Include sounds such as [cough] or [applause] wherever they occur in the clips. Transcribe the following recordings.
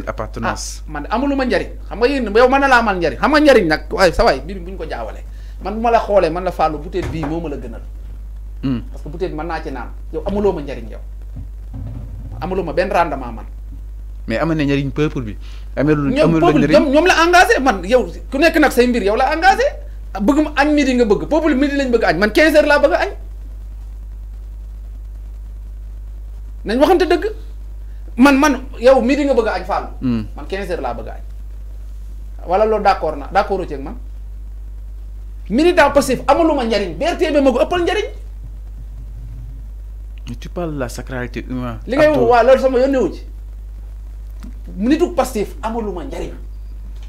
tel appartenance ah, man luma njariñ xam nga yeen yow man la amal njariñ xam nga njariñ nak way sa way mbir buñ ko jaawale man buma ma la xolé man la fàllu butéel bi moma la gënal hmm. parce que butéel man na ci naan yow amu ma njariñ yow amu ma ben rendement man mais amane na Yo, peuple bi amelul lu njariñ ñom la engagé man yow ku nekk nak say mbir yow la engagé bëgg mu añ midi nga bëgg peuple midi lañ bëgg añ man 15 h la bëgg añ nañ waxante deug man man yow midi nga bëgg a añ hmm. man 15 h la bëgg a wala lo d'accord na d' ci man militant passif amaluma ñariñ BRTB ma ko ëppal ñariñ mais tu parles la sacralité humaine. li ngay wa waaw sama yoni wu ci. nitu passif amaluma njariñ.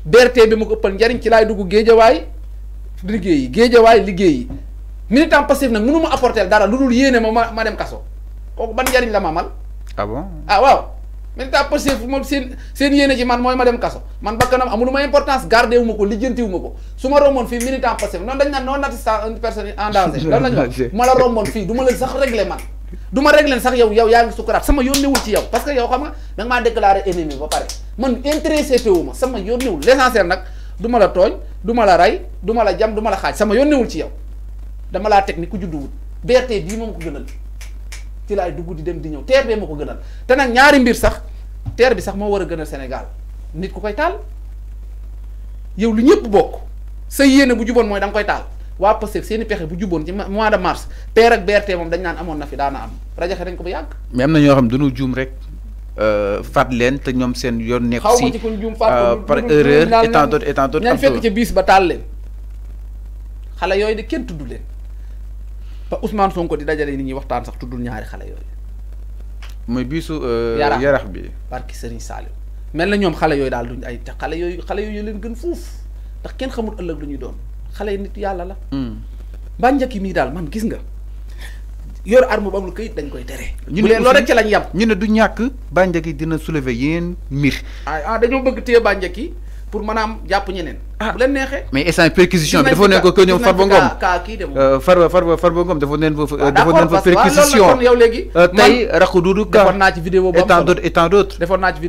BRT bi ma ko ëppal ñariñ ci gejawai dugg géejawaay liggéeyi géejawaay liggéeyi militant passif nak mënu ma apporter dara lu dul yéene ma ma dem kaso kooku ban ñariñ la ma ah bon ah waaw. militant Pastef moom seen seen yéene ci man mooy ma dem kaso man bakkanam amulu ma importance gardé ko lijjanti wu ma ko su ma romboon fii militant Pastef noonu dañ naan non natistant une personne en danger lan la ñu wax [laughs] ma la romboon sax réglé man du ma réglé sax yow yaa ngi sukkuraat sama yónnewul ci yow parce que yow xam nga da nga maa déclaré ennemi ba pare man intéressé teewu ma sama yónnewul l'essentiel nag du ma la tooñ du ma la rey duma la jam du ma la xaaj sama yónnewul ci yow dama laa teg ni ku judduwut BRT bii moom ko gënal ci laay dugg di dem di ñëw TRT ma ko gënal te ñaari mbir sax terre bi sax mo wara a a Sénégal nit ku koy tal yow li ñepp bok sa yene bu jubon moy dang koy tal wa Pastef seen pexé bu jubon ci mois de mars père ak BRT mom dañ nan amone na fi daana am xé dañ ko bu yag mais am na xam duñu juum rek euh, fat leen te ñom seen yoon. nekk si euh, par erreur étant donné étant donné. am fekk ci bis ba tal leen xala yoy de kën tuddu leen ba Ousmane Sonko di dajalé nit ñi waxtaan sax tuddul ñaari xala yoy mooy biisu. Euh, yarax bi barki Serigne Saliou mel na ñoom xale yooyu daal duñ ay te xale yooyu xale yooyu leen gën fuuf ndax kenn xamul ëllëg lu ñuy doon xale nit yàlla la. Hmm. ba njëkk mii daal man gis nga yor arme bu amul kayit dañ koy tere. ñu ne loolu rek ci lañ yàpp ñu ne du ñàkk bànjaki dina soulever yéen miir ah dañoo bëgg téye bànjaki pour maanaam jàpp ñeneen. ah bu leen neexee. mais instant perquisition bi dafa nekk ko ñoom Farba Ngom euh, Farba Farba Farba Ngom dafa neen fa ah, euh, dafa neen fa perquisition yow léegi. Euh, tey rakku duudu ka defoon naa ci vidéo bu am solo et tant d'autres defoon naa ci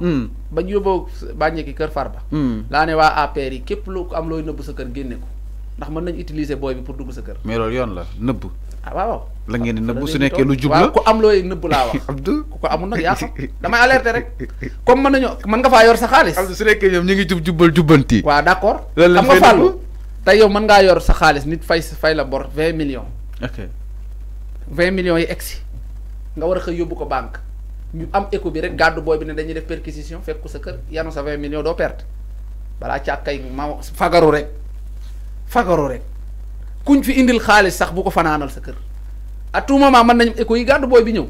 hmm. ba ñu yóbboo bàññee ki kër Farba. Hmm. laa ne waa APR yi képp lu am looy nëbb sa kër génne ko ndax mën nañu utiliser booy bi pour dugg sa kër. mais loolu yoon la nëbb. Ah, waaw la ngeen di nëbbu su nekkee lu jub la ku am looy nëbbu laa wax Abdou ku ko amul nag yaa xam [laughs] damay alerter rek comme mën nañoo mën nga faa yor sa xaalis Abdou su nekkee ñoom ñu ngi jub jubbal jubbanti waaw d' accord xam nga fàllu tey yow mën ngaa yor sa xaalis nit fay fay la bor 20 millions ok 20 millions yi egsi nga war a xëy yóbbu ko banque ñu am éco bi rek gàddu booy bi ne dañuy def perquisition fekku sa kër yanu sa vingt millions doo perte balaa càkkay ma fagaru rek fagaru rek kuñ fi indil xaalis sax bu ko fanaanal sa kër à tout moment mën nañu eko yi gàddu booy bi ñëw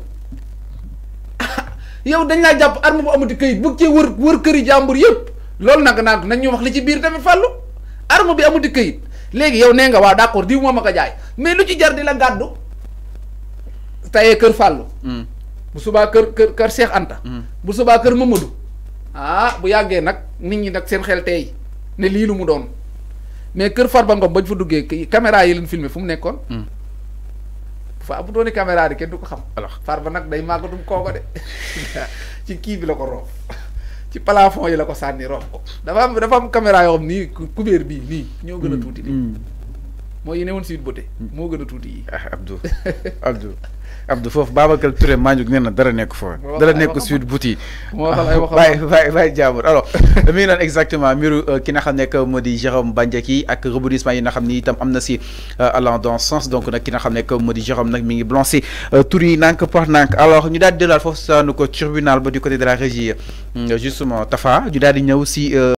[laughs] yow dañ laa jàpp arme bu amati këyit bëgg cee wër wër këri jàmbur yëpp loolu nag naan nañ ñu wax li ci biir tamit fàllu arme bi amati këyit léegi yow nee nga waa d'accord diw mag a ko jaay mais lu ci jar di la gàddu tayee kër fàllu hmm. bu subaa kër kër kër Cheikh Anta hmm. bu subaa kër Mamadou ah bu yàggee nag nit ñi nag seen xel tey ne lii lu mu doon mais kër Farba Ngom ba ñu fa duggee caméra yi leen filmé fu mu nekkoon. Hmm. fa bu dooni caméra di kenn du ko xam. alors Farba nag day màggatum kooka de [laughs] ci kii bi la ko roof ci plafond yi la ko sànni roof ko dafa am dafa am caméra yoo xam nii kubéer bii nii. ñoo gën a hmm. tuuti nii. Hmm. mooy yi ne woon Beauté moo gën a tuuti yi ah Abdou Abdou Abdou foofu Babacar Touré Mandiouck nee na dara nekk foofu dara nekk Sweet Beauté bay bay bay jaamur alors [laughs] mi nan exactement miru euh, ki nga xam nekk moo Jérôme bandiaki ak rebondissement yi nga xamni ni itam am na si euh, allant dans sens donc nag ki nga xam nekk moo Jérôme nak mi ngi blanci euh, tour yi nank par nank alors ñu dal di delluwaat foofu sa ko tribunal ba du côté de la régie justement Tafa ñu dal di ñew si